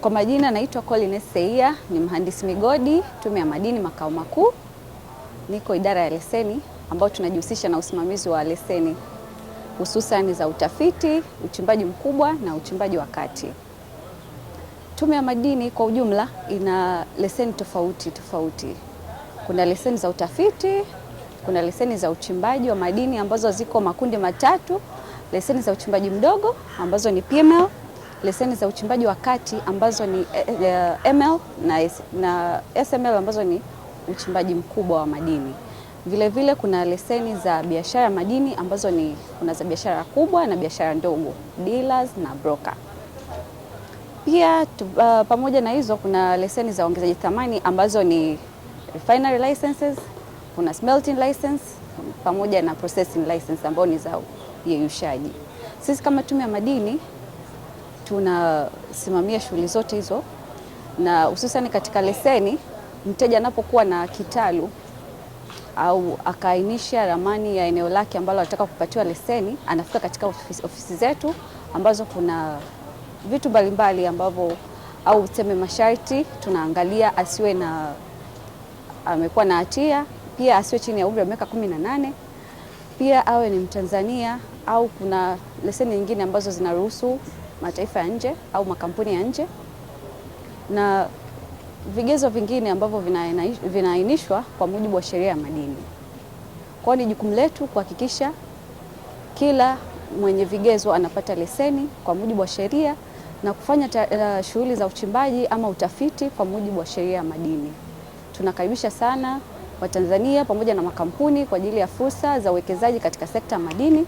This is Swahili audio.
Kwa majina naitwa Collins Seia, ni mhandisi migodi, Tume ya Madini makao makuu. Niko idara ya leseni ambayo tunajihusisha na usimamizi wa leseni hususan za utafiti, uchimbaji mkubwa na uchimbaji wa kati. Tume ya Madini kwa ujumla ina leseni tofauti tofauti. Kuna leseni za utafiti, kuna leseni za uchimbaji wa madini ambazo ziko makundi matatu, leseni za uchimbaji mdogo ambazo ni PML leseni za uchimbaji wa kati ambazo ni eh, eh, eh, ML na SML ambazo ni uchimbaji mkubwa wa madini. Vilevile vile kuna leseni za biashara madini ambazo ni kuna za biashara kubwa na biashara ndogo, dealers na broker. Pia tu, uh, pamoja na hizo kuna leseni za ongezaji thamani ambazo ni refinery licenses, kuna smelting license pamoja na processing license ambayo ni za yeyushaji. Sisi kama Tume ya Madini tunasimamia shughuli zote hizo, na hususani katika leseni, mteja anapokuwa na kitalu au akaainisha ramani ya eneo lake ambalo anataka kupatiwa leseni, anafika katika ofisi, ofisi zetu ambazo kuna vitu mbalimbali ambavyo au tuseme masharti tunaangalia, asiwe na amekuwa na hatia, pia asiwe chini ya umri wa miaka kumi na nane pia awe ni Mtanzania au kuna leseni nyingine ambazo zinaruhusu mataifa ya nje au makampuni ya nje. Na vigezo vingine ambavyo vinaainishwa kwa mujibu wa sheria ya madini. Kwa ni jukumu letu kuhakikisha kila mwenye vigezo anapata leseni kwa mujibu wa sheria na kufanya uh, shughuli za uchimbaji ama utafiti kwa mujibu wa sheria ya madini. Tunakaribisha sana Watanzania pamoja na makampuni kwa ajili ya fursa za uwekezaji katika sekta ya madini.